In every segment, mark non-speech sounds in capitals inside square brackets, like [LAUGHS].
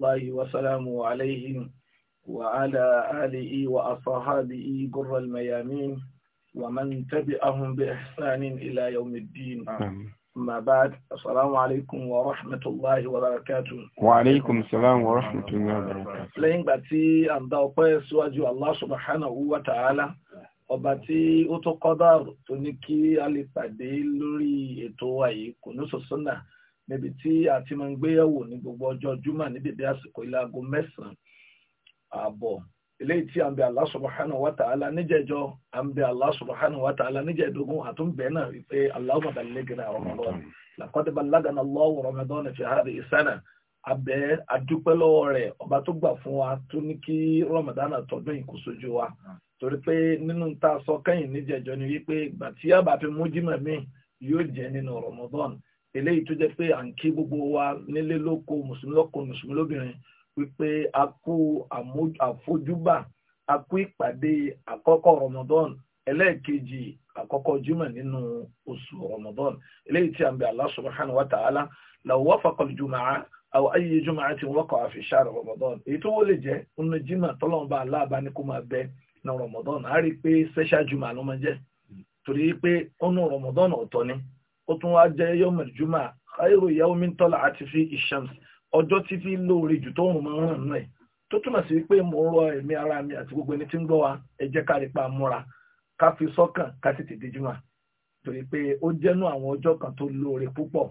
الله وسلامه عليهم وعلى آله وأصحابه قر الميامين ومن تبعهم بإحسان إلى يوم الدين ما بعد السلام عليكم ورحمة الله وبركاته وعليكم السلام ورحمة الله وبركاته لين باتي أن دوقي سواجه الله سبحانه وتعالى ọba tí ó tó kọ́dà tó ní kí a lè pàdé lórí ètò àyíkò ní sọ́sọ́nà níbi tí a ti máa ń gbéyẹ̀wò ní gbogbo ọjọ́ júmọ̀ ní bèbè àsìkò ilé aago mẹ́sàn-án ààbọ̀ eléyìí tí a ń bẹ Allah subhanahu wa ta'ala níjẹjọ a ń bẹ Allah subhanahu wa ta'ala níjẹdógún àtúnbẹ náà wípé Allahumma ballighna Ramadan laqad ballaghana Allahu Ramadan fi hadhihi sana abẹ adúpẹ́ lọ́wọ́ rẹ̀ ọba tó gbà fún wa tó ní kí Ramadan tọdún yìí kó sójú wa torí pé nínú tá a sọ kẹ́yìn níjẹjọ ni wípé ìgbà tí a bá fi mú jímọ̀ mi yóò jẹ́ nínú Ramadan eléyìí tó jẹ́ pé à ń kí gbogbo wa nílé lóko mùsùlùmí lọ́kùnrin mùsùlùmí lóbìnrin wípé a kú àfojúbà a kú ìpàdé àkọ́kọ́ Ramadan ẹlẹ́ẹ̀kejì àkọ́kọ́ jimá nínú oṣù Ramadan eléyìí tí a ń bẹ Allah subhanahu wa ta'ala law wafaqa al-jumu'a aw ayyi jumu'atin waqa'a fi shahr Ramadan èyí tó wọlé jẹ́ nínú jimá tọ́lọ́mọba aláàbá ní kó máa bẹ ní Ramadan a rí i pé sẹ́ṣà jumà ló máa jẹ́ torí pé ọ̀nà Ramadan ọ̀tọ̀ ni ó tún wá jẹ́ yọ́mọ̀ jùmọ̀ khairu yawmin tala'at fi ishams ọjọ́ fi lóore jù tó ń mọ ọ̀ràn náà tó túmọ̀ sí pé mo ń rọ ẹ̀mí ara mi àti gbogbo ẹni tí ń gbọ́ wa ẹ jẹ́ ká rí pa múra ká fi sọ́kàn ká sì tètè jùmọ̀ torí pé ó jẹ́nu àwọn ọjọ́ kan tó lóore púpọ̀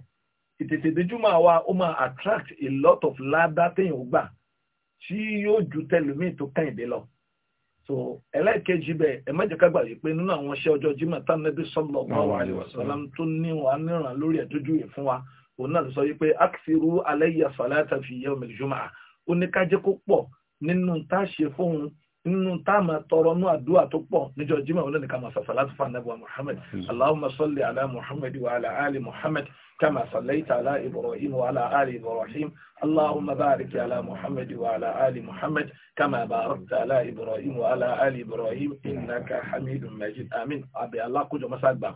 ìtètè dejúmọ̀ àwa ó máa attract a lot of ládá téèyàn gbà tí yóò ju tẹlómi tó kàn ìdè lọ so ẹlẹ́ẹ̀kejì bẹ́ẹ̀ ẹ má jẹ́ ká gbàgbé pé nínú àwọn iṣẹ́ ọjọ́ jimá tánàbí sallallahu alaihi wasallam tó ní wa níran lórí ẹ̀dójú yìí fún wa òun náà ló sọ wípé aksiru alayya salata fi yawm al-jumu'ah ó ní ká jẹ́ kó pọ̀ nínú tá a ṣe fóun nínú tá a máa tọrọ nú àdúrà tó pọ̀ níjọ́ jimá òun náà ní ká máa sàṣàlátù fún anábọ̀ Muhammad Allahumma salli ala Muhammad wa ala ali Muhammad كما صليت على إبراهيم وعلى آل إبراهيم اللهم بارك على محمد وعلى آل محمد كما باركت على إبراهيم وعلى آل إبراهيم إنك حميد مجيد آمين أبي الله كجو مساقبا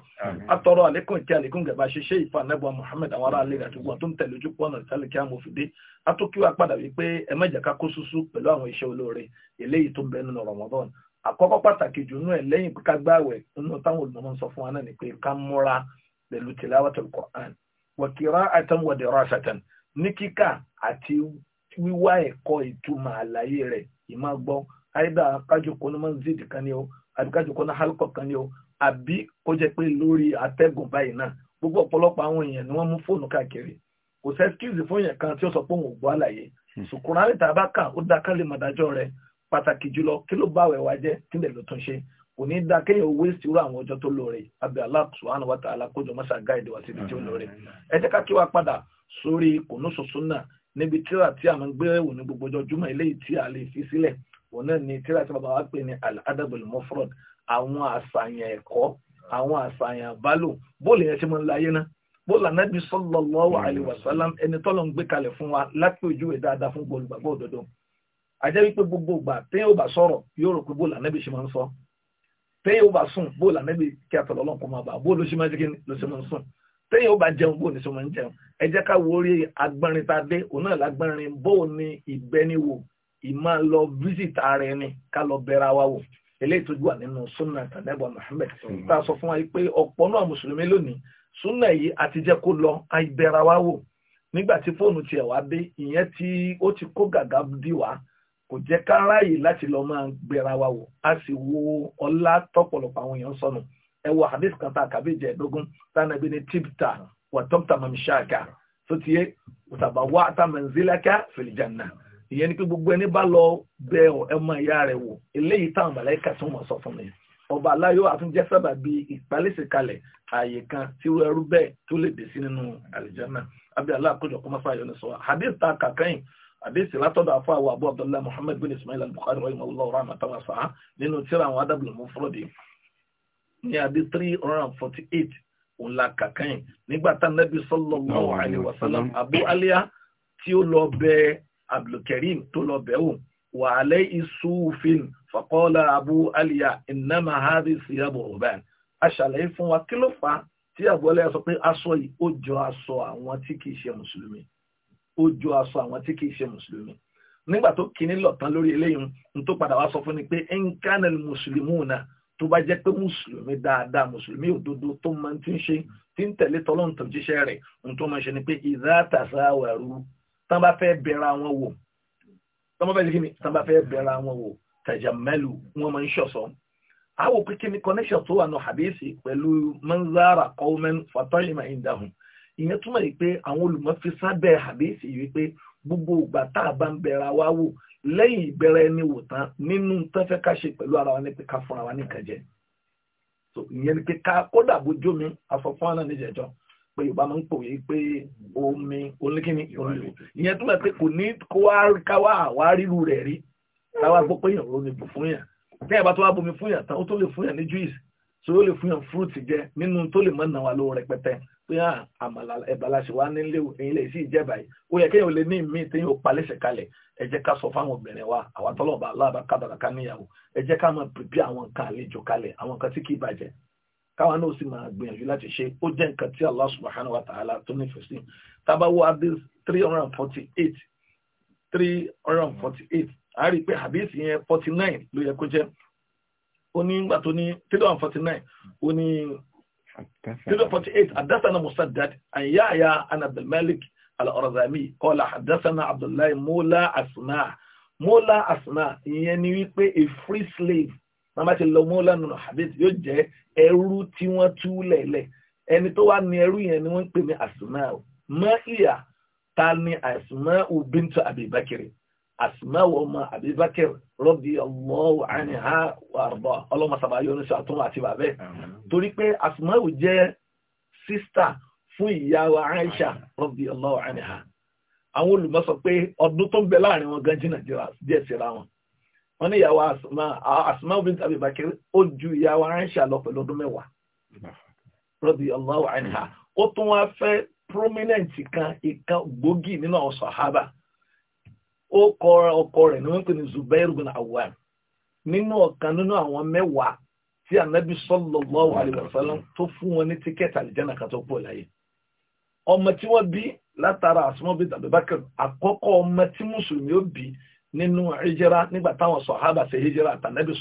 أترى لكم كالكم جبا شيء فنبوى محمد أورا لنا تقوى تم تلجوك وانا رسالك يا مفيدي أتوكي وأكبر ويكبي أمجا كاكوسوسو بلوان ويشو لوري إليه تنبين رمضان àkọ́kọ́ pàtàkì jù nú ẹ̀ lẹ́yìn ká gbààwẹ̀ nínú táwọn olùmọ̀ sọ fún wa náà ni pé ká múra pẹ̀lú tìláwàtò Qur'an wa qira'atan wa dirasatan ní kíkà àti wíwá ẹ̀kọ́ ìtumọ̀ àlàyé rẹ̀ ìmọ̀ gbọ́ àìdá kájọkọ́ ní mọ́sídìí kan ni o àbí kájọkọ́ ní hálùkọ̀ kan ni o àbí kó jẹ́ pé lórí atẹ́gùn báyìí náà gbogbo ọ̀pọ̀lọpọ̀ àwọn èèyàn ni wọ́n mú fóònù káàkiri kò sẹ́ skills fún èèyàn kan tí ó sọ pé òun ò gbọ́ àlàyé hmm. sùkúrán àrètà bá kà ó dá kálí mọ̀dájọ́ rẹ̀ pàtàkì jùlọ kí ló bá àwẹ̀ wa jẹ́ kí lè ló tún ṣe kò ní dá kéèyàn waste irú àwọn ọjọ́ tó lóore abẹ́ Allah subhanahu wa ta'ala kójọ mọ́ṣá gáìdì wá síbi tí ó lóore ẹ jẹ́ ká kí wa padà sórí kònóṣù súnà níbi tíra tí a máa ń gbé wò ní gbogbo ọjọ́ júmọ̀ eléyìí tí a lè fi sílẹ̀ òun náà ni tíra tí bàbá wa pè ní al-adabul mufrad àwọn àṣàyàn ẹ̀kọ́ àwọn àṣàyàn àbálò bóòlù yẹn ti máa láyé náà bóòlù anábì sallallahu alaihi wasallam ẹni tọ́lọ́ ń gbé kalẹ̀ fún wa lápèjúwe dáadáa fún gbogbo olùgbàgbọ́ òdodo àjẹ́ wípé gbogbo ìgbà téèyàn ò bá téyìn ó bá sùn bó lànà ibi kí àtọ̀lọ́ ọlọ́run kò máa bà bó ló ṣe máa jẹ́ ló ṣe máa sùn téyìn ó bá jẹun bó ní ṣe máa ń jẹun ẹ jẹ́ ká wo orí agbẹ́rin tá dé òun náà lágbẹ́rin bó ní ìgbẹ́niwò ìmá lọ fíṣítà ara ẹni ká lọ bẹ̀rẹ̀ wa wò eléyìí tó wà nínú sunna tànẹ́bọ̀ Muhammad tá a sọ fún wa pé ọ̀pọ̀ náà mùsùlùmí lónìí sunna yìí àti jẹ́ kó lọ àìbẹ̀rẹ̀ wa wò nígbà tí fóònù tiẹ̀ wá dé ìyẹn tí ó ti kó gàgà dí wa kò jẹ́ ká ráàyè láti lọ máa gbéra wa wò a sì wo ọlá tọ́pọ̀lọpọ̀ àwọn èèyàn sọnù ẹ wo hadith kan tá a kàbí jẹ ẹ̀dógún tánàbí ní tíbtà wà tọ́pítà mamishaka tó ti yé òtàbà wá àtàmẹ̀nzílákà fìlìjànà ìyẹn ni pé gbogbo ẹni bá lọ bẹ ọmọ ìyá rẹ wò eléyìí táwọn màláíkà tí wọ́n sọ fún mi ọba aláyọ̀ àtúnjẹ́ sábà bí ìpalẹ́sẹ̀ kalẹ̀ ààyè kan tí wọ́n ẹrú bẹ́ẹ̀ tó lè dé sí nínú àlìjánà abẹ́ aláàkójọ kọ́mọ́sá yọ̀ àdéhìsì látọ̀dọ̀ afọ àwọn abu abdullahi muhammad bin ismail al-bukhari rahimahullah rahmatan wa ah, sa'a nínú tíra àwọn adabul mufradi ní àdé three hundred and forty eight òun la kàkàn yìí nígbà tá nabi sallallahu alayhi wa sallam abu aliya tí ó lọ bẹ abdulkarim tó lọ bẹ wò wa alayhi sufin faqala abu aliya innama hadhihi siyabu uban aṣàlàyé fún wa kí ló fà á tí abu aliya sọ pé aṣọ yìí ó jọ aṣọ àwọn tí kì í ṣe mùsùlùmí ó ju aṣọ àwọn tí kìí ṣe mùsùlùmí nígbà tó kíní lọ tán lórí eléyìí n tó padà wá sọ fún ni pé nkanel muslimuna tó bá jẹ́ pé mùsùlùmí dáadáa mùsùlùmí òdodo tó máa ti ń ṣe tí ń tẹ̀lé tọ́lọ́n tó jíṣẹ́ rẹ̀ n tó máa ṣe ni pé ìdá tàṣàwàrú tán bá fẹ́ bẹ̀rẹ̀ àwọn wò tán bá fẹ́ ṣe kíni tán bá fẹ́ bẹ̀rẹ̀ àwọn wò tajamalu wọn máa ń ṣọ̀ṣọ́ àwọn pé kíni connection tó wà nù hadisi pẹ̀lú manzara qawman fatahima indahum ìyẹn túmọ̀ yìí pé àwọn olùmọ̀ fi sábẹ́ àbẹ́sì yìí pé gbogbo ìgbà tá a bá ń bẹ̀rẹ̀ wa wò lẹ́yìn ìbẹ̀rẹ̀ ẹni wò tán nínú tán fẹ́ ká ṣe pẹ̀lú ara wa ní pé ká fúnra wa nìkan jẹ ìyẹn ni pé ká kódà bójú mi àfọ̀fọ́n náà níjẹ̀jọ́ pé yorùbá máa ń pòye pé omi oníkíní omi ìyẹn túmọ̀ pé kò ní kó wá káwá àwa ríru rẹ̀ rí káwá gbọ́ pé yàn omi ní ẹ̀bá fún yàn juice tó lè fruit jẹ nínú tó lè mọ̀ náà wà pé àmàlà ẹ̀bà la ṣe wá nílé ẹ̀yìn lè sí ìjẹba yìí ó yẹ kéèyàn lè ní ìmí tí yóò pa lẹ́sẹ̀ kalẹ̀ ẹ jẹ́ ká sọ fáwọn obìnrin wa àwọn tọ́lọ̀bà aláàbá kábàlà ká níyàwó ẹ jẹ́ ká máa pèpè àwọn nǹkan àlejò kalẹ̀ àwọn nǹkan tí kì bàjẹ́ káwọn náà sì máa gbìyànjú láti ṣe ó jẹ́ nǹkan tí Allah subhanahu wa ta'ala tó nífẹ̀ẹ́ sí tábàwọ́ adé three hundred and forty eight three hundred and forty eight a rí i forty nine ló yẹ kó jẹ́ ó ní gbà forty nine ó 48 حدثنا مسدد عن يحيى عن عبد الملك الأرزامي قال حدثنا عبد الله مولى أسماء مولى أسماء يعني wípé a free slave mama ti lọ mọ́lá nínú habib yóò jẹ́ ẹrú tí wọ́n tú lẹ̀lẹ̀ ẹni tó wà ní ẹrú yẹn ni wọ́n ń pè ní Asma'u mọ́ ìyá ta ni Asma'u bintu Abi Bakri Asma ọmọ Abubakar radiyallahu anha wa arda ọlọ́mọ sábà yọ oníṣẹ́ àtúnwò àti bàbẹ́ torí pé Asma jẹ́ sísítà fún ìyá wa Aisha radiyallahu anha àwọn olùmọ̀ sọ pé ọdún tó ń bẹ láàrin wọn gan jìnnà díẹ̀ síra wọn wọ́n ní ìyàwó Asma bint Abubakar ó ju ìyàwó Aisha lọ pẹ̀lú ọdún mẹ́wàá radiyallahu anha ó tún wá fẹ́ prominent kan ìkan gbòógì nínú àwọn sàhábà ó kọ ọkọ rẹ ni wọ́n ń pè ní Zubair bin Awam nínú ọ̀kan nínú àwọn mẹ́wàá tí anabi sallallahu alaihi wasallam tó fún wọn ní tíkẹ́ẹ̀tì àlìjánà kan tó láyé ọmọ tí wọ́n bí látara Asma bint Abubakar ọmọ tí mùsùlùmí ó bí nínú hijira nígbà táwọn sọ̀hábà ṣe hijira àtànẹ́bí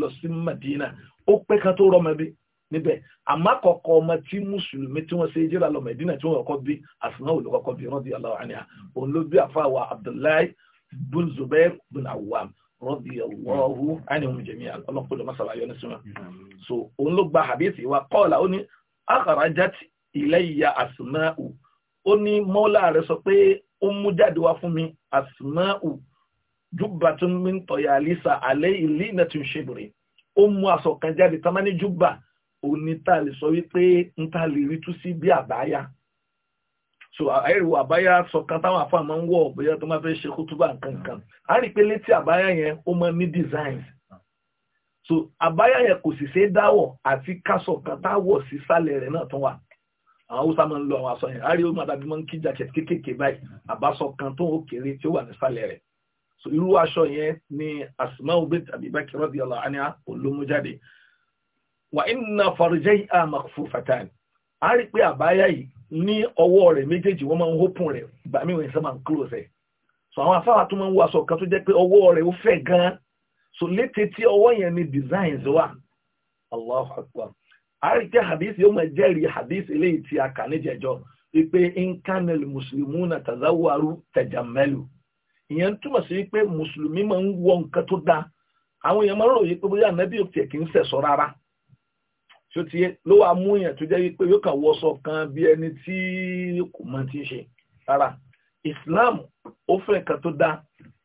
lọ sí Madina ó pẹ́ kan tó níbẹ̀ àmọ́ kọ̀ọ̀kan ọmọ tí mùsùlùmí tí wọ́n ṣe ìjírà lọ Mẹ̀dínà tí wọ́n kọ́kọ́ bí Asma'u ló kọ́kọ́ bí radiyallahu anha òun ló bí àfàwà Abdullahi bin Zubair bin Awwam radiyallahu anhum jami'an ọlọ́pọ̀lọ́ masala yọ ní sinmi so òun ló gba àbíyèsí wa qala ó ní akhrajat ilayya Asma'u ó ní mọ́lá rẹ̀ sọ pé ó mú jáde wá fún mi Asma'u jubbatun min tayalisa alayhi linatun shibri ó mú aṣọ kan jáde tamani jubba òní tá a lè sọ wípé ń tá a lè rí tú sí bí àbáyá so àìrò àbáyá sọ̀kan táwọn àfáà máa ń wọ̀ bóyá tó máa fẹ́ ṣe kútúbà kankan a rí pé létí àbáyá yẹn ó máa ní designs so àbáyá yẹn kò sì ṣeé dáwọ̀ àti kásọ̀kan táwọ̀ sí sálẹ̀ rẹ̀ náà tún wà àwọn haúsá máa ń lo àwọn aṣọ yẹn àárí ó máa dàbí máa ń kí jacket kéékèèké báyìí àbáṣọ kan tó ń kéré tí ó wà ní sálẹ̀ rẹ̀ so irú aṣọ yẹn ni Asma'u bint Abi Bakr radiyallahu anha olómújáde wà inna farjayha a rí pé àbáyá yìí ní ọwọ́ rẹ̀ méjèèjì wọ́n máa ń hópùn rẹ̀ gbà mí wọ́n so àwọn afáwà tó máa ń wọ aṣọ kan tó jẹ́ pé ọwọ́ gan-an so létí tí ọwọ́ yẹn ni designs wa. Allahu akbar a rí pé hadith yóò máa jẹ́rìí hadith eléyìí a kà wípé tazawaru tajamalu ìyẹn túmọ̀ sí wípé mùsùlùmí máa ń wọ nǹkan tó àwọn èèyàn máa ń ròyìn pé bóyá òkè ṣó ti yé ló wàá mú yẹn tó jẹ́ pé yóò kan bí ẹni tí kò mọ ti ṣe rárá Islam ó fẹ́ kan tó dáa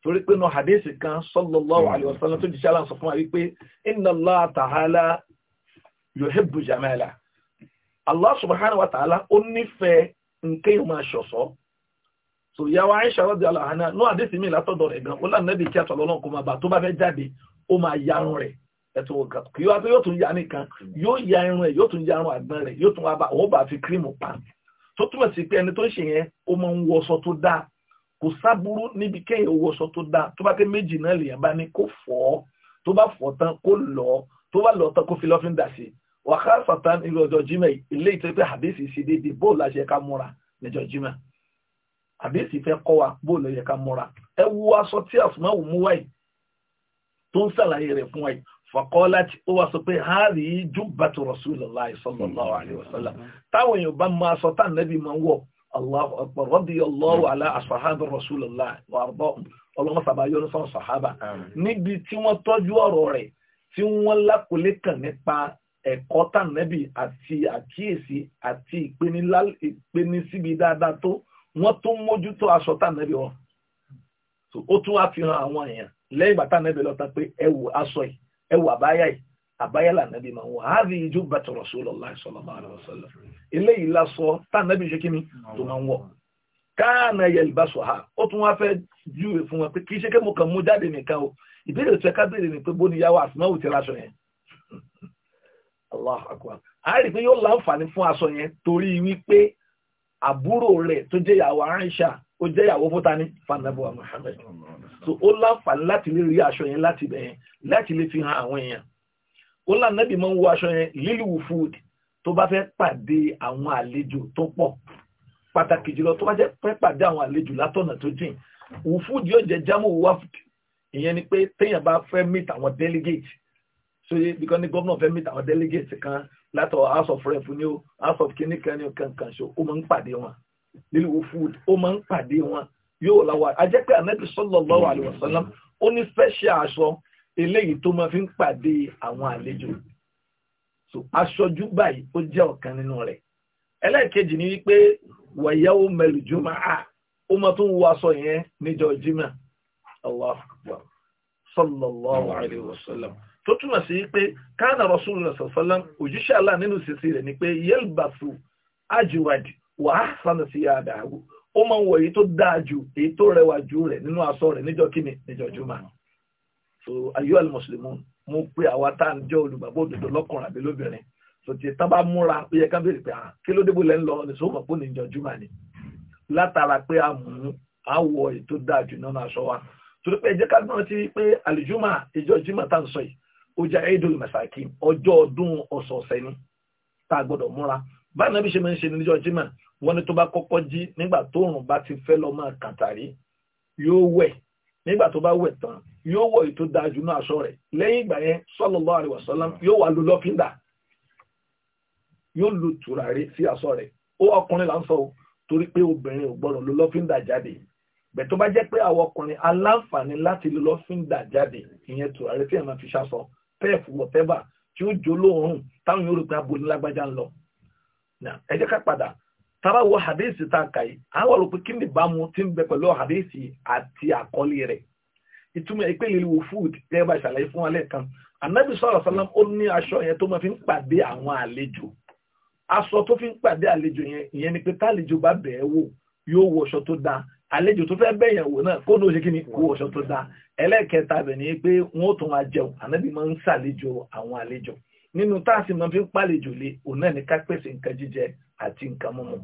torí hadisi kan sallallahu alaihi wasallam tó jíṣẹ́ aláǹsọ fún wa wípé inna Allah ta'ala yuhibbu jamala Allah subhanahu wa ta'ala ó nífẹ̀ẹ́ nǹkan yóò máa ṣọ̀ṣọ́ so yàwó Aisha radiyallahu anha náà hadisi mi látọ̀dọ̀ rẹ̀ gan ó lànà ẹtù wò kàn kí wọ́n pé yóò tún ya nìkan mm. yóò ya irun ẹ̀ yóò tún ya irun àgbọn rẹ̀ yóò tún wá bá òun bá fi kírìmù pa tó túmọ̀ sí pé ẹni tó ń ṣe yẹn ó máa ń wọṣọ tó dáa kò sábúrú níbi kéèyàn wọṣọ tó dáa tó bá pé méjì náà lèèyàn bá ní kó fọ̀ ọ́ tó bá fọ̀ tán kó lọ tó bá lọ tán kó fi lọ́fín dà sí wàhálà fàtán ìlú ọjọ́ jimẹ̀ ilé ìtọ́ pé àdéhìsì ṣe déédéé bóòlù àṣẹ ká múra níjọ́ jimẹ̀ àdéhìsì fẹ́ kọ́ wa bóòlù àṣẹ ká múra ẹ wo aṣọ tí àfùmáwò mú wáyé tó ń ṣàlàyé rẹ̀ fún wáyé fọ̀kọ́láti ó wá sọ pé hàrí jùbàtù Rasulullahi sallallahu alaihi wasallam táwọn èèyàn bá máa sọ tá nẹ́bí máa ń wọ̀ Allahu akbar radiyallahu ala ashabi Rasulillah wà rọ́ ọlọ́mọ sàbá yọ́nú sọ́n sàhábà níbi tí wọ́n tọ́jú ọ̀rọ̀ rẹ̀ tí wọ́n lákòólé kàn nípa ẹ̀kọ́ tá nẹ́bí àti àkíyèsí àti ìpeni síbi dáadáa tó wọ́n tó mójútó aṣọ tá nẹ́bí wọn ó tún wá fi hàn àwọn èèyàn lẹ́yìn bàtà nẹ́bí lọ́ta pé ẹ wò aṣọ yìí ẹ wọ àbáyá yìí àbáyá lànàbí máa ń wọ ààbí ìjọ bàtà Rasulullah sallallahu alaihi wasallam eléyìí lásọ tànàbí ṣe kí ni tó máa ń wọ káàna yẹ ìbáṣọ ha ó tún wá fẹ́ júwe fún wọn pé kì í ṣe kémo kan mú jáde nìkan o ìbéèrè tó ká béèrè ni pé bó ni yàwó àsìmáwò ti raṣọ yẹn Allah akbar a rí i pé yóò láǹfààní fún aṣọ yẹn torí wípé àbúrò rẹ̀ tó jẹ́ ìyàwó Aisha ó jẹ́ ìyàwó fúta ní fanabu Muhammad so ó láǹfààní láti lè rí aṣọ yẹn láti bẹ̀yẹn láti lè fi hàn àwọn èèyàn ó lànàbì máa ń wọ aṣọ yẹn lílùú food tó bá fẹ́ pàdé àwọn àlejò tó pọ̀ pàtàkì jùlọ tó bá jẹ́ fẹ́ pàdé àwọn àlejò látọ̀nà tó jìn wùfúd yóò jẹ́ jámù wafd ìyẹn ni pé téèyàn bá fẹ́ meet àwọn delegate so because ní gómìnà fẹ́ meet àwọn delegate kan látọ̀ house of rep ni o house of kinní kan ni o kankan so ó máa ń pàdé wọn lílùú food ó máa ń pàdé wọn yóò láwa ajẹ́ pé anabi sallallahu alaihi wasallam ó ní fẹ́ ṣe aṣọ eléyìí tó máa fi ń pàdé àwọn àlejò so aṣojú báyìí ó jẹ́ ọ̀kan nínú rẹ̀ ẹlẹ́ẹ̀kejì ni wípé wàyáwó mẹ́lì jùmọ̀ à ó máa tún wọ aṣọ yẹn níjọ́ jimá Allahu akbar sallallahu alaihi wasallam tó túmọ̀ sí pé káànà rasulullah sallam òjíṣẹ́ Allah nínú sísí rẹ̀ ni pé yelbasu ajiwadi wàhásánà sí àdáwò ó máa ń wọ èyí tó dáa jù èyí tó rẹwà jù rẹ̀ nínú aṣọ rẹ̀ níjọ́ kíni níjọ́ jùmọ̀ so ayé àlè mùsùlùmù mo pe àwa tá à ń jẹ́ olùgbàgbọ́ òdodo lọ́kùnrin àbí lóbìnrin so tí tá bá múra ó yẹ ká béèrè pé à ah, kí ló débò lẹ́ ń lọ ní sọ́kàn pò ní ìjọ jùmọ̀ ni látara pé a mú a wọ èyí tó dáa jù nínú aṣọ wa torí pé ẹ jẹ́ ká gbọ́n ti pé àlùjùmọ̀ ìjọ jùmọ̀ tá à ń sọ yìí ó jẹ́ Eidul Masakin ọjọ́ ọdún ọ̀sọ̀ọ̀sẹ̀ ni tá a gbọ́dọ̀ múra báyìí náà bí ṣe máa ń ṣe níjọ́ jimá wọ́n ní tó bá kọ́kọ́ jí nígbà tó rùn bá ti fẹ́ lọ máa kàtàrí yóò wẹ̀ nígbà tó bá wẹ̀ tán yóò wọ̀ èyí tó da jù náà aṣọ rẹ̀ lẹ́yìn ìgbà yẹn sallallahu alaihi wasallam yóò wà lò lọ́fíńdà yóò lu tùràrí sí aṣọ rẹ̀ ó ọkùnrin là ń sọ torí pé obìnrin ò gbọ́dọ̀ lò lọ́fíńdà jáde bẹ̀ tó bá jẹ́ pé àwọn ọkùnrin aláǹfààní láti lò lọ́fíńdà jáde ìyẹn tùràrí tí ẹ̀ máa fi ṣaṣọ pẹ́ẹ̀fù wọ̀tẹ́bà tí ó jó lóòórùn táwọn yóò rò pé abo ní ń lọ na jẹ́ ká padà tábà wo hadith tá a kà yìí à ń ti ń bẹ pẹ̀lú hadith àti àkọlé rẹ̀ ìtumọ̀ ìpele wo food tẹ́ ẹ bá ṣàlàyé fún wa lẹ́ẹ̀kan anabi sọ̀rọ̀ sálám ó ní aṣọ yẹn tó máa fi ń pàdé àwọn àlejò aṣọ tó fi ń pàdé àlejò yẹn ìyẹn ni pé tálejò bá bẹ̀ẹ́ wò yóò wọ aṣọ tó da àlejò tó fẹ́ wò náà kó ní kí ni aṣọ tó ẹlẹ́ẹ̀kẹta bẹ̀ ni anabi máa ń ṣàlejò àwọn àlejò nínú táàsì mọ́ fi ń pàlejò lé òun náà ní ká pèsè nǹkan jíjẹ àti nǹkan mímu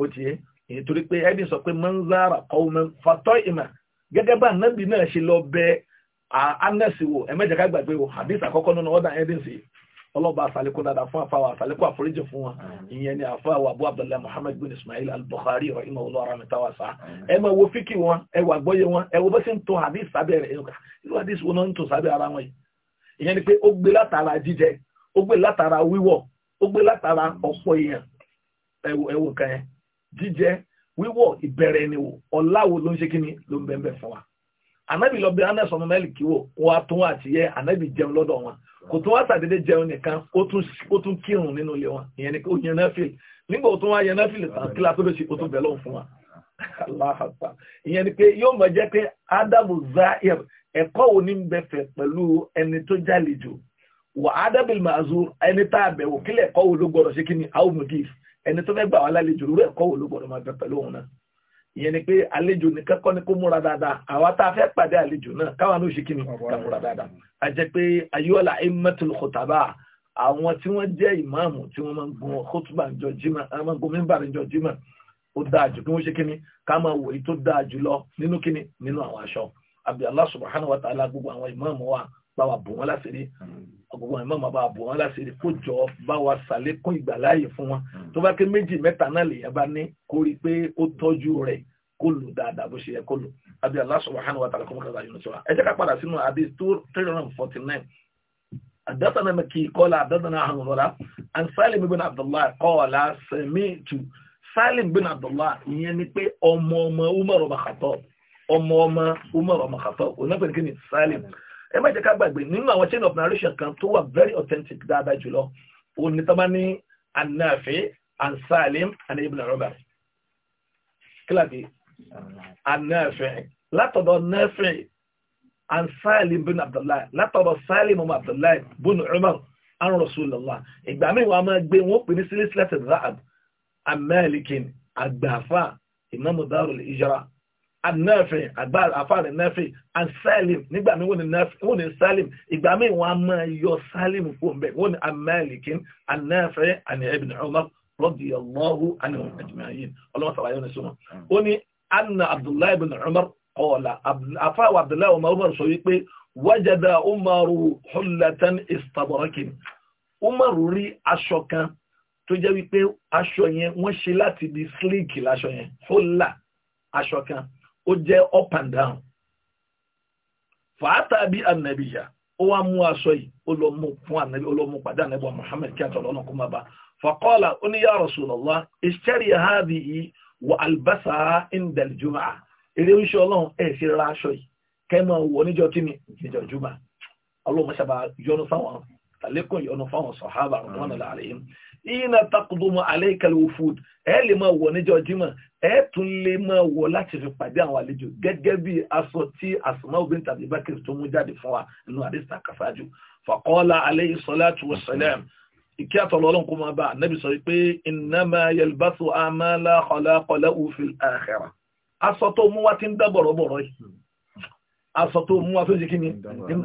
ó tiẹ̀ èyí torí pé ẹbí sọ pé mọ́nzára kọ́wọ́mọ́ fatọ́ ìmọ̀ gẹ́gẹ́ bá nábì náà ṣe lọ bẹ anẹ́sì wò ẹ̀mẹ́jẹ̀ ká gbàgbé wò hadith àkọ́kọ́ nínú ọ̀dà ẹ̀dínsì ọlọ́ba àsàlẹ̀kọ́ dáadáa fún àfáwà àsàlẹ̀kọ́ àforíjì fún wa ìyẹn ni àfáwà abu abdullahi muhammad bin ismail al-bukhari rahimahullah aramitawa sa ẹ máa wo fíkì wọn ẹ wà gbọ́yé wọn ẹ wo bó ṣe ń to hadith sábẹ́ rẹ̀ ìlú hadith wọn ń to sábẹ́ ara wọn yìí ìyẹn ni pé ó gbé látara jíjẹ ó gbé látara wíwọ̀ ó gbé látara ọ̀pọ̀ èèyàn ẹ̀wò kan yẹn jíjẹ wíwọ̀ ìbẹ̀rẹ̀ ni wò ọ̀làwò ló ń ṣe kíni ló ń bẹ́ẹ̀ fún wa ànábì lọ bí anas ọmọ mẹ́lìkì wò wọn á tún àtìyẹ ànábì jẹun lọ́dọ̀ wọn kò tún wá sàdédé jẹun nìkan ó tún kírun nínú ilé wọn ìyẹn ni pé ó yẹn náà fèlè nígbà tó wá yẹn náfìlì tán kí látó ló ṣe kó tó bẹ̀ fún wa [LAUGHS] ìyẹn ni pé yóò mọ̀ jẹ́ pé ádámù záìr ẹ̀kọ́ wo ni ń bẹ̀fẹ̀ pẹ̀lú ẹni tó jálejò wà á dábìlì màzú ẹni tá a bẹ̀wò kílẹ̀ ẹ̀kọ́ wo ló gbọ́dọ̀ ṣe kí ni àwọn mùdíf ẹni tó fẹ́ gbà wá lálejò lórí ẹ̀kọ́ wo ló gbọ́dọ̀ máa bẹ pẹ̀lú òun náà ìyẹn ni pé àlejò nìkan kọ́ ni kó múra dáadáa àwa tá a fẹ́ pàdé àlejò náà káwa ló ṣe kí ni ká múra dáadáa a jẹ́ pé ayọ́lá immatul khutaba àwọn tí wọ́n jẹ́ ìmáàmù tí wọ́n máa ń gun khutba jọ jimá àwọn máa ń gun mímbàrin jọ jimá ó dáa jù kí wọ́n ṣe kí ni ká máa wòye tó dáa jù lọ nínú kí ni nínú àwọn aṣọ àbí Allah subhanahu wa ta'ala gbogbo àwọn ìmáàmù wa bá wa bò wọ́n láṣìírí gbogbo àwọn ìmáàmù bá wa bò wọ́n láṣìírí kó jọ bá wa ṣàlékún ìgbàláyè fún wọn tó bá ké méjì mẹ́ta náà lèyàn bá ní kó rí i pé ó tọ́jú rẹ̀ kó lò dáadáa bó ṣe yẹ kó lò àbí Allah wa ta'ala kó mọ́kànlá yóò sọ wa ẹ jẹ́ ká padà sínú hadith two three سالم بن عبد الله قال سمعت سالم بن عبد الله يعني pé ọmọ ọmọ ọmọ ọmọ umar ọmọ kàfà onáfẹ́ ní salim ẹ má jẹ́ ká gbàgbé nínú àwọn chain of narration kan tó wà very authentic dáadáa jùlọ òun ní tábà ní anáfẹ́ and salim and ibn umar kílàbí anáfẹ́ látọ̀dọ̀ Nafe and salim bin abdullahi látọ̀dọ̀ salim ọmọ abdullahi bin umar an rasulullah ìgbà míì wọn a máa gbé wọn pè ní sílẹ̀ sílẹ̀ tẹ̀ zaab amẹ́líkìn àgbàfà ìmáàmù darul hijra anafe agbára afáàlẹ nafe and salim nígbà mi wọ́n ní salim ìgbà mi wọ́n á máa yọ salim fún bẹ́ẹ̀ wọ́n ní amalikin anafe àni ibn umar radiyallahu anhu ajma'in ọlọ́wọ́ sàlàyé ní sùnmọ́ ó ní anna abdullahi ibn umar qala afáwọ̀ abdullahi ibn umar sọ wípé wajada umaru hullatan istabrakin umaru rí aṣọ kan tó jẹ́ wípé aṣọ yẹn wọ́n ṣe láti di slick láṣọ yẹn hulla aṣọ kan ó jẹ́ up and down fàátà bí ànàbíyà ó wá mú aṣọ yìí ó lọ mú fún ànàbí ó lọ mú padà ànàbí wa Muhammad kí àtọ̀ lọ́nà kó má ba fàkọ́ọ̀là ó ní ya Rasulullah ishtari hadhihi wa albasaha inda al-jum'ah eré oníṣẹ́ ọlọ́run ẹ̀ sí ra aṣọ yìí kẹ́mọ̀ wọ níjọ́ kí ni níjọ́ jùmọ̀ ọlọ́run ṣàbà yọnu fáwọn tàlékùn yọnu fáwọn sàhábà rọ̀mọ́nà ìyínà takudumu aleikel wofud ẹ lè máa wọ̀ níjọ́ jimá ẹ tún lè máa wọ̀ láti fi pàdé àwọn àlejò gẹ́gẹ́ bí aṣọ tí asọmọ bin tàbí bákìrì tó mú jáde fún wa nínú àdéṣà kàfájú fàkọọlá aleyhi sọláàtú wasalam ìkí àtọlọ Ọlọ́run kó máa bá anabi sọ pé ìnáma yalbasu amala kọlákọlá òfin àhẹrà aṣọ tó mú wa ti ń dá bọ̀rọ̀bọ̀rọ̀ yìí aṣọ wa tó jẹ́ kí ni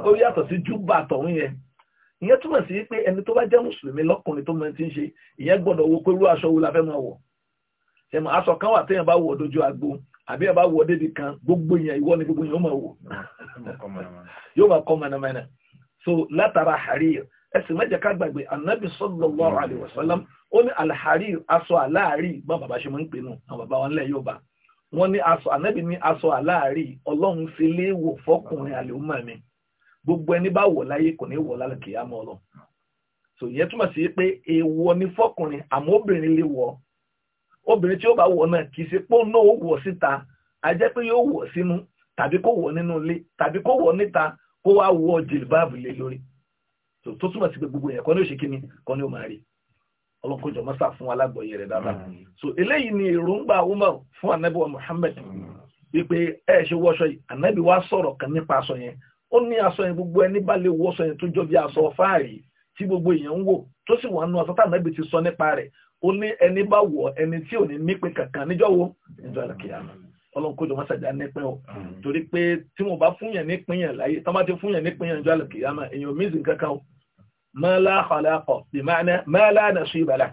ó yàtọ̀ sí júbà tọ̀hún ìyẹn túmọ̀ sí pé ẹni tó bá jẹ́ mùsùlùmí lọ́kùnrin tó máa ti ń ṣe ìyẹn gbọ́dọ̀ wo pé irú aṣọ wo la fẹ́ máa wọ̀ ṣẹ̀mọ̀ aṣọ kan wà téèyàn bá wọ̀ dojú agbo àbí ẹ̀ bá wọ̀ débi kan gbogbo èèyàn ìwọ ni gbogbo èèyàn máa wọ̀ [LAUGHS] yóò máa kọ́ mọ̀nàmọ́nà so látara harir ẹsìn mẹ́jẹ ká gbàgbé anabi sallallahu alaihi wasallam ó ní alharir aṣọ aláàrí bá bàbá ṣe máa ń pè nù àwọn bàbá wọn lẹ̀ yóò bá wọn ní aṣọ anabi ní aṣọ aláàrí ọlọ́run fi léèwọ̀ fọkùnrin àlè gbogbo ẹni bá wọ̀ láyé kò ní wọ̀ lálẹ́ kìí àmọ́ ọlọ so ìyẹn túmọ̀ sí pé èèwọ̀ ni fọkùnrin àmọ́ obìnrin lè wọ̀ obìnrin tí ó bá wọ̀ náà kì í ṣe pé náà ó wọ̀ síta a jẹ́ pé yóò wọ̀ sínú tàbí kó wọ̀ nínú ilé tàbí kó wọ̀ níta kó wá wọ̀ lé lórí so tó túmọ̀ sí pé gbogbo yẹn kọ́ ní òṣèkí ni kọ́ ní fún rẹ̀ dáadáa so eléyìí ni èròǹgbà Umar fún anabiwa wípé ṣe wọṣọ yìí sọ̀rọ̀ kan nípa yẹn ó ní aṣọ yẹn gbogbo ẹni bá lè wọṣọ yẹn tó jọ bí aṣọ fáàrí tí gbogbo èèyàn ń wò tó sì wà nù aṣọ tá ànábì ti sọ nípa rẹ̀ ó ní ẹni bá wọ ẹni tí ò ní nípìn kankan níjọ́ wo níjọ́ àlàkìyàmá ọlọ́run kójọ wọn ṣàjà nípìn o torí pé tí mo bá fún yẹn nípìn yẹn láyé tó bá ti fún yẹn nípìn yẹn níjọ́ àlàkìyàmá èèyàn mí zìn kankan o ma la khalaqa bí ma la nasiba lah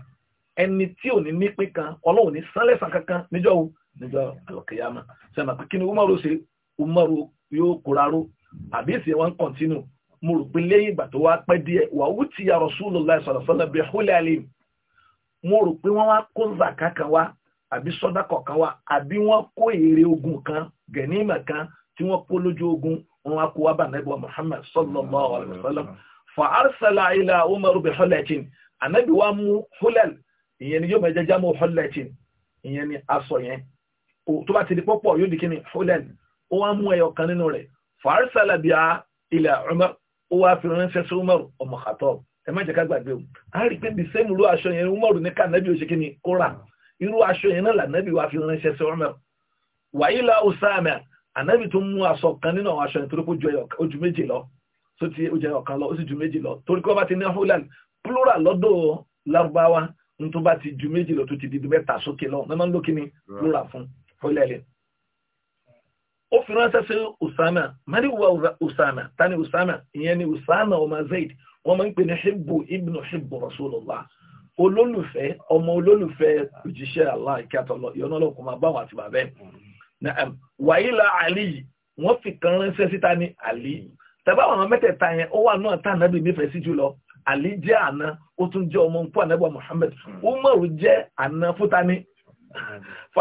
ẹni tí ò ní nípìn kan ọlọ́run ní sánlẹ̀sán kankan níjọ́ wo níjọ́ àlàkìyàmá sẹ́mi àpèkínní umaru ṣe umaru yóò kóraró àbíyèsí wọn kọ̀ntínú mo rò pé lẹ́yìn ìgbà tó wá pẹ́ díẹ̀ wà ó ti ya Rasulullah sallallahu alaihi wasallam bi hulalim mo rò pé wọ́n wá kó zaka kan wá àbí sọ́dákọ̀ kan wá àbí wọ́n kó èrè ogun kan gẹ̀nìmọ̀ kan tí wọ́n kó lójú ogun wọn wá kó wá bá nàbí wa Muhammad sallallahu alaihi wasallam fa arsala ila Umar bi hulatin ànábì wa mú hulal ìyẹn ni yóò máa jẹjẹ mú hulatin ìyẹn ni aṣọ yẹn tó bá ti di pọ́pọ̀ yóò di kí ni hulal ó wá mú ẹyọ kan nínú rẹ̀ fàárísàlà bíi ilẹ̀ Umar ó wá fi ránṣẹ́ sí Umar ọmọ Khattab ẹ má jẹ́ ká gbàgbé o a rí i pé the same irú aṣọ yẹn Umar ní ká nàbí oṣù kìíní kó rà irú aṣọ yẹn náà lànàbí wá fi ránṣẹ́ sí Umar wàyí la Usama ànàbí tó mú aṣọ kan nínú àwọn aṣọ yẹn torí kó ju méjì lọ tó ti ojú ọ̀kan lọ ó sì ju méjì lọ torí kó bá ti ní hulal plural lọ́dọ̀ Lárúbáwá ní tó bá ti ju méjì lọ tó ti di mẹ́ta sókè lọ nánà lókè ni plural fún hulal yẹn ó fi ránṣẹ́ sí usama mari wa usama tani usama ìyẹn ni usama ọmọ zaid wọ́n máa ń pè ní hibbu ibnu hibbu rasulullah olólùfẹ́ ọmọ olólùfẹ́ òjíṣẹ́ allah ìkẹtọlọ ìyọnọlọkùn máa bá wọn àti bàbẹ́ na'am wàyílà ali wọ́n fi kan ránṣẹ́ síta ní ali tẹ́bá àwọn mẹ́tẹ̀ẹ̀ta yẹn ó wà náà tá ànábì nífẹ̀ẹ́ sí jùlọ ali jẹ́ àná ó tún jẹ́ ọmọ nkú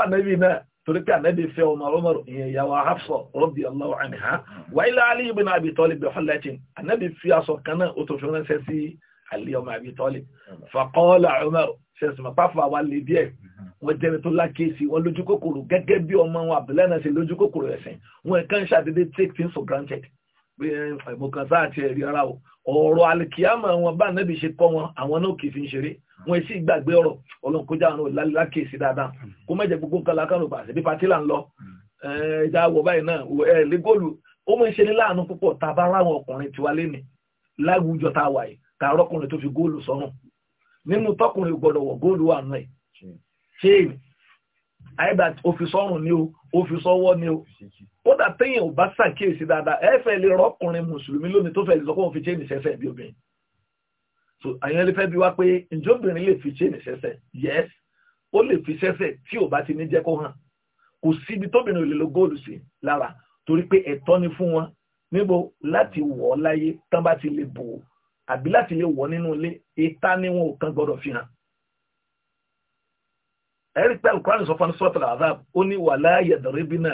àná torí pé ànábì fẹ́ ọmọ ọmọrò ìyẹn ìyàwó Hafsa radiyallahu anha hmm. wa ila Ali ibn Abi Talib bi hullatin ànábì fi aṣọ kan náà ó tó fi ránṣẹ́ sí Ali ọmọ Abi Talib hmm. faqala Umar sẹ́sìmọ̀ pápá wa lè díẹ̀ hmm. wọ́n jẹ́ni tó lákèsí wọn lójú kòkòrò gẹ́gẹ́ bí ọmọ wọn àbúlẹ̀ náà ṣe lójú kòkòrò ẹ̀sìn wọn kàn take things for granted bí mo kàn sáà ti ẹ̀rí ara o ọ̀rọ̀ alikiyama wọn bá nẹ́bí ṣe kọ́ wọn àwọn náà kì í fi ń ṣeré wọn sì gbàgbé ọ̀rọ̀ ọlọ́nkọjá àwọn lákèsí dáadáa kó mẹ́jẹ gbogbo nǹkan lákàrò bàṣẹ bí patila ń lọ hmm. ẹja wọ báyìí náà ẹ lè góòlù ó mọ̀ ń ṣe ní láàánú púpọ̀ tá a bá ráwọn ọkùnrin tiwa lẹ́nìí láwùjọ tá a wà yìí tá a rọ́kùnrin tó fi góòlù sọ́rùn nínú tọkùnrin gbọ́dọ̀ wọ góòlù wà náà ṣé àìbá ó fi sọ́rùn ni o ó fi sọ́wọ́ ni o kódà téèyàn ò bá ṣàkíyèsí dáadáa ẹ fẹ́ lè rọ́kùnrin mùsùlùmí lónìí tó fẹ́ lè sọ pé òun fi chain ṣẹ̀ṣẹ̀ bí obìnrin so àyàn lè fẹ́ bí wá pé ǹjẹ́ lè fi chain ṣẹ̀ṣẹ̀ yes ó lè fi ṣẹ́sẹ̀ tí ò bá ti ní jẹ́ kó hàn kò síbi tóbìnrin ò lè lo góòlù sí lára torí pé ẹ̀tọ́ ni fún wọn níbo láti wọ̀ ọ́ láyé tán bá ti lè bò ó àbí láti lè wọ̀ nínú ilé ìta ni wọn ò kàn gbọ́dọ̀ fi hàn. eric bell kwan sọ fún sọ́tàlá azab ó ní wàhálà yẹ̀dọ̀rẹ́bìnà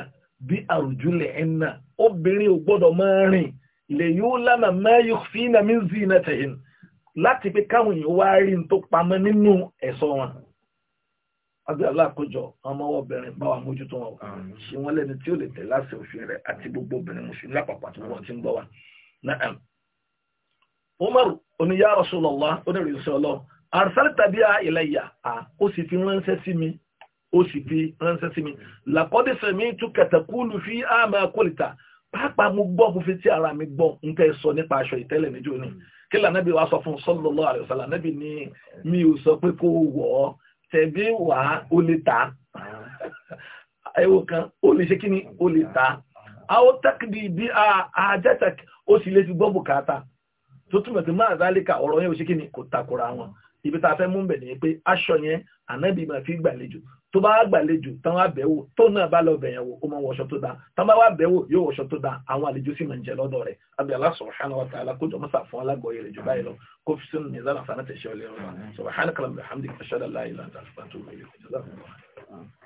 bí àrùjúlẹ̀ ẹ̀ ń nà obìnrin ò gbọ́dọ̀ máa rìn lè yóò lánà mẹ́yọ fínà mí zì náà tẹ̀yìn láti pé káwọn èèyàn wá rí n tó pamọ́ nínú ẹ̀ṣọ́ wọn àbí aláàkójọ ọmọ obìnrin bá wa mójútó wọn ṣe wọn lẹ́ni tí ó lè tẹ̀ láti òfin rẹ̀ àti gbogbo obìnrin mùsùlùmí lápapọ̀ àti wọn ti ń gbọ́ wa Umar oní ya Rasulullah onírìnsẹ ọlọ arsalta biha ilayya à ó sì fi ránṣẹ́ sí mi ó sì fi ránṣẹ́ sí mi laqad sami'tu kataqulu fi àmà kólítà pápá mo gbọ́ mo tí ara mi gbọ́ n tẹ́ sọ nípa aṣọ ìtẹ́lẹ̀ níjó ni kí lànà bí wàá sọ fún sallallahu alaihi wasallam ni mi ò tẹ̀bí wà ó lè ta ẹwọ kan ó lè ṣe kí ni ó lè ta àwọn tẹ́kìdì bí àjẹ́tẹ̀k ó sì lè fi gbọ́ bùkátà tó túnbẹ̀ tí máa zálíkà ọ̀rọ̀ yẹn ó ṣe kí ni kò takora wọn ibi tá fẹ́ mú bẹ̀ ni pé aṣọ yẹn ànábì máa fi gbàlejò tó bá gbàlejò tán wá bẹ̀wò tó náà bá lọ bẹ̀yàn wò ó máa wọṣọ tó dáa tán bá wá bẹ̀wò yóò wọṣọ tó dáa àwọn àlejò sì máa ń jẹ lọ́dọ̀ rẹ̀ abẹ́ Allah subhanahu wa ta'ala kó jọ fún alágbọ̀ọ́yẹ rẹ̀ jù báyìí lọ kó fi sínú nìyẹn sára fàánà tẹ̀síọ́ lẹ́rọ̀ subhanaka wa bihamdika ashhadu an la ilaha illa anta